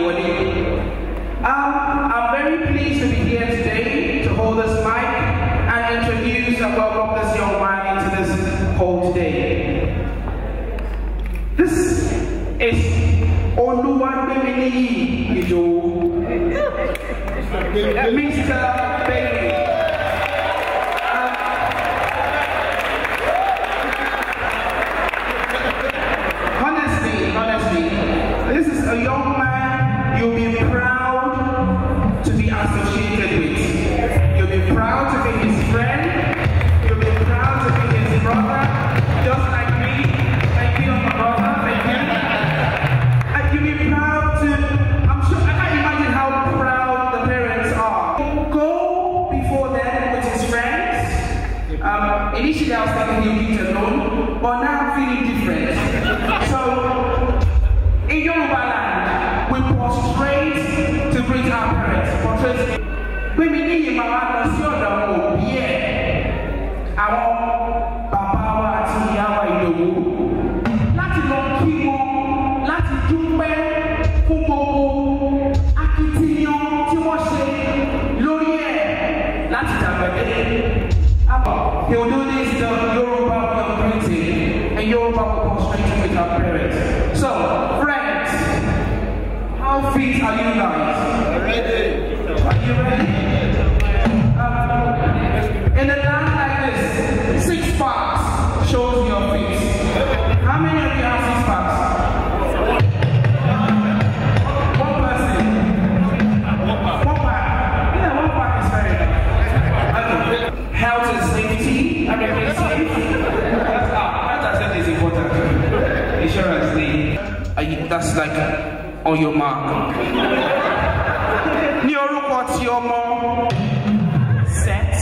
wọlé. Um, I'm very pleased to be here today to hold this mic and introduce and welcome this young man into this whole day. This is Oluwademiliyi Ijowu. Mr. Bailey. but now feeling different. so, in Yoruba land, we prostrate to greet our parents. Prostrate. Pé mi ní ìmọ̀ wa lọ sí ọ̀dọ̀ àwọn òbí ẹ̀, àwọn bàbá wa àti ìyá wa ìdòwò. Láti lọ kí wọn, láti dúpẹ́ fún gbogbo akitiyan tí wọ́n ṣe he will do this done. Please, are you guys ready? Are you ready? Uh, in a land like this, six parts shows your face. How many of you have six parts? One person. One part. Yeah, one part is very nice. Um, health and safety. I mean, is important. Insurance, that's like on your mark. Ní orúkọ ti ọmọ set.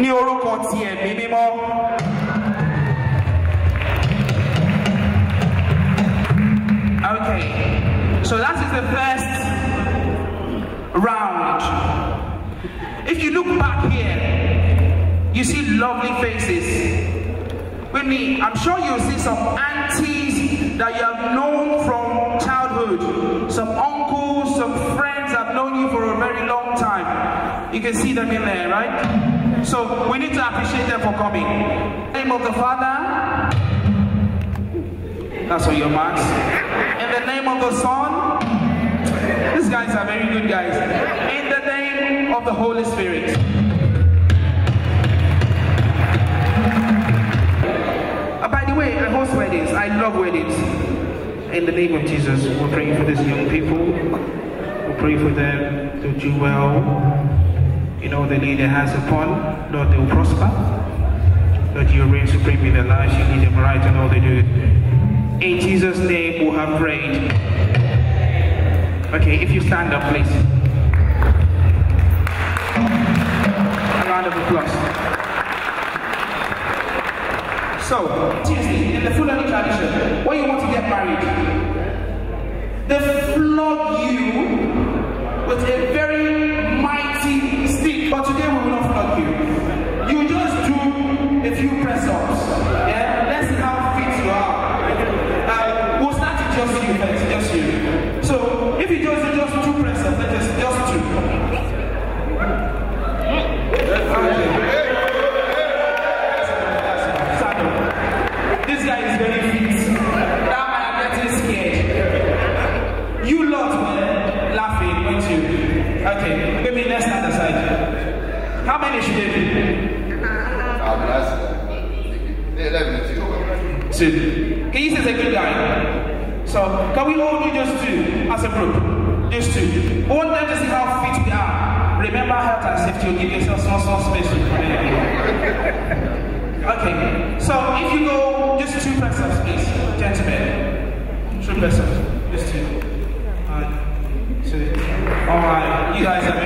Ní orúkọ ti ẹ̀mí mímọ́. Okay, so that is the first round. If you look back here, you see lovely faces. With me, I'm sure you'll see some aunties that you have known from some uncles, some friends have known you for a very long time. You can see them in there, right? So we need to appreciate them for coming. The name of the Father. That's on your marks. In the name of the Son. These guys are very good guys. In the name of the Holy Spirit. Uh, by the way, I host weddings. I love weddings in the name of Jesus, we're praying for these young people. We pray for them to do well. You know, they need. their hands upon. Lord, they will prosper. Lord, you reign supreme in their lives. You lead them right in all they do. In Jesus' name, we have prayed. Okay, if you stand up, please. child, seriously, in the Fulani tradition, when you want to get married, the flood. with you. Okay, maybe let's stand aside. How many should it be? Two. Can you say a good guy. So, can we all do just two as a group? Just two. We want them to see how fit we are. Remember health and safety. Give yourself some, some space. okay, so if you go, just two persons, please, gentlemen. Two persons. you guys